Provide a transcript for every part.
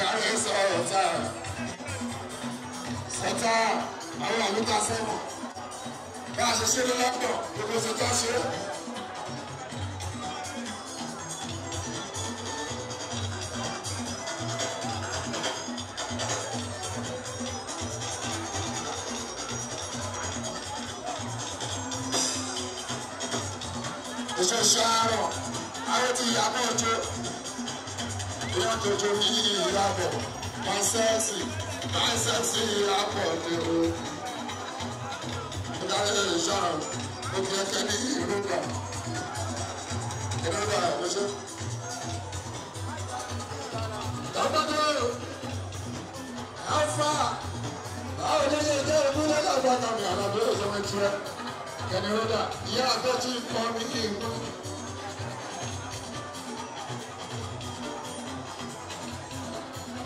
kárí sọ̀rọ̀ tá sọ̀tá àwọn àlùkà sẹ́wọ̀n bá a ní lọ́dọ̀ gbogbo ṣe tá ṣe. ìṣẹ̀ṣẹ̀ àárọ̀ àwọn ti yàgbọ́ ọjọ́ ìyàtọ̀jọ kí ìyàbọ̀ pàṣẹ́sì pàṣẹ́sì ìyàbọ̀ ni o. ìdájọ́ ìṣàrò òkè ẹ̀kẹ́ ní ìrúgbà ìrúgbà ìrúṣẹ́. dábàdàn afa báwo ni ilé ìdá ìmúlẹ̀ lágbàdàn mi àlàbẹ̀ ìṣẹ́wọ̀n kẹ́ni ó ìyá àbẹ́tí kọ́ mi kí n kú.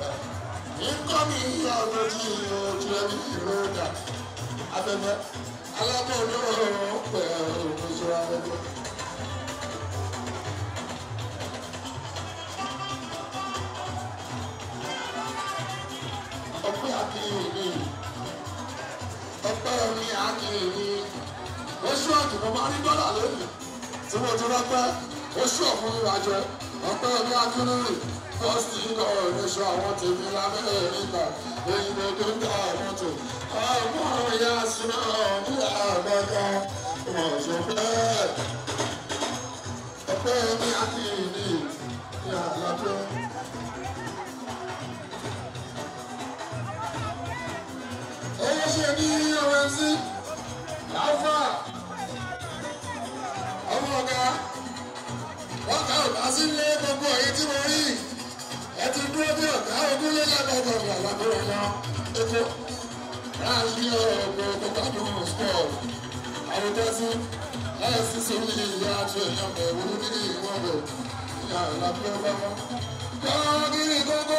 nkọ́mi ọ̀rọ̀ tí ojú ẹbí ló dà abẹ́fẹ́ alábọ̀ọ́lọ́ pẹ̀ òkúso abẹ́fẹ́. ọpẹ́ akínyìnì ọpẹ́ omi akínyìnì oṣù ọ̀tún mo máa rí dọ́là lónìí tí mo ti rọ́pẹ́ oṣù ọ̀fun ìrìnàjò ọpẹ́ omi akínyìnì fọ́ọ̀sì sọ àwọn tèmi lábẹ́ ìgbà èyí mo tó ń ta àwọn tó ọmọ ìyá sọ ní àgbàdo wọn sọ bẹ́ẹ̀ ọpẹ́ mi àti ìní ní àgbàdo. owó ṣe ní ọ̀rẹ́ sí láfà ọmọ ọ̀gá wọn kà ọ̀gá sílé gbogbo èyí tí mo rí adúlé lábẹ́bẹ̀ ìyàwó ọ̀nà ètò láàrin ọ̀gbọ̀n ọ̀gbọ̀gbọ̀dún sport àwòtẹ́sí láìsí sórí ìyá àti ẹ̀yàn bẹ̀rù nídìí ìwọ̀n bẹ̀rù ìyá àlàbí ọ̀gbọ̀n. kọ́ọ́gìrì gbogbo.